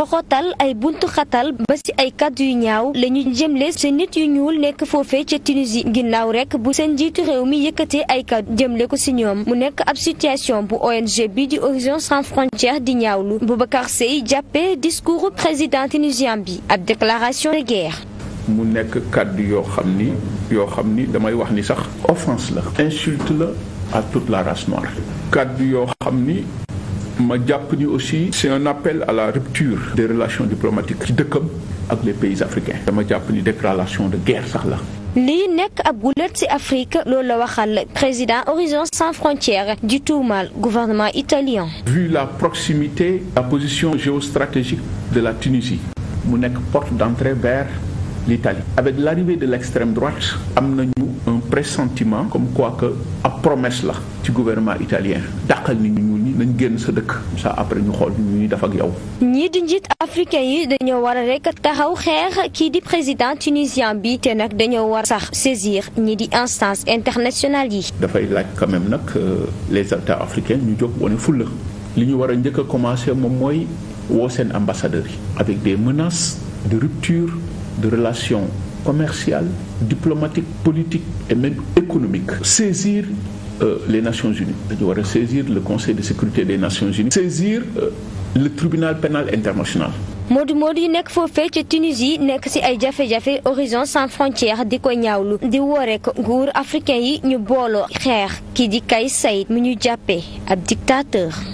xoxotal ay buntu xatal ba ci ay kàddu yu ñaaw la ñu jëmle seen nit yu ñuul nekk foofee ca Tunisie ginnaaw rek bu seen njiitu réew mi yëkkatee ay kàddu jëmle ko ci ñoom mu nekk ab situation bu ONG bi di Horizon sans frontières di ñaawlu Boubacar Seye jàppee discours président tunisien bi ab déclaration de guerre. mu nekk kàddu yoo xam ni yoo xam ni damay wax ni sax offense la insulte la à la race noire. kàddu yoo xam ni ma jàpp ni aussi c'est un appel à la rupture des relations diplomatiques ci dëkkam ak les pays africains dama jàpp déclaration de guerre sax la li nekk ab gulet ci Afrique loolu la waxal président Horizon sans frontières di tuumaal gouvernement italien vu la proximité la position géostratégique de la Tunisie mu nekk porte d'entrée vers l'Italie. Avec l'arrivée de l'extrême droite, am nañu un pressentiment comme quoi que ab promesse la ci gouvernement italien dàqal ni ñu ñuul ñi nañ génn sa dëkk ça après ñu xool ñu ñuy def ak yow. ñii di njiit africain yi dañoo war a rek taxaw xeex kii di président tunisien bi te nag dañoo war sax saisir ñii di instance internationale yi. dafay laaj quand même nag euh, les états africains ñu jóg wane fulla li ñu war a njëkk a commencé moom mooy woo seen ambassadeurs de relations commerciales, diplomatiques, politiques et même économiques. Saisir euh, les Nations Unies, dañu war a saisir le Conseil de sécurité des Nations Unies, saisir euh, le tribunal pénal international. moodu moodu yi nekk foofee ca Tunisie nekk ci ay jafe-jafe Horizon sans frontières di ko ñaawlu di woo rek nguur africain yi ñu booloo xeex kii di kay Saied mu ñu jàppee ab dictateur.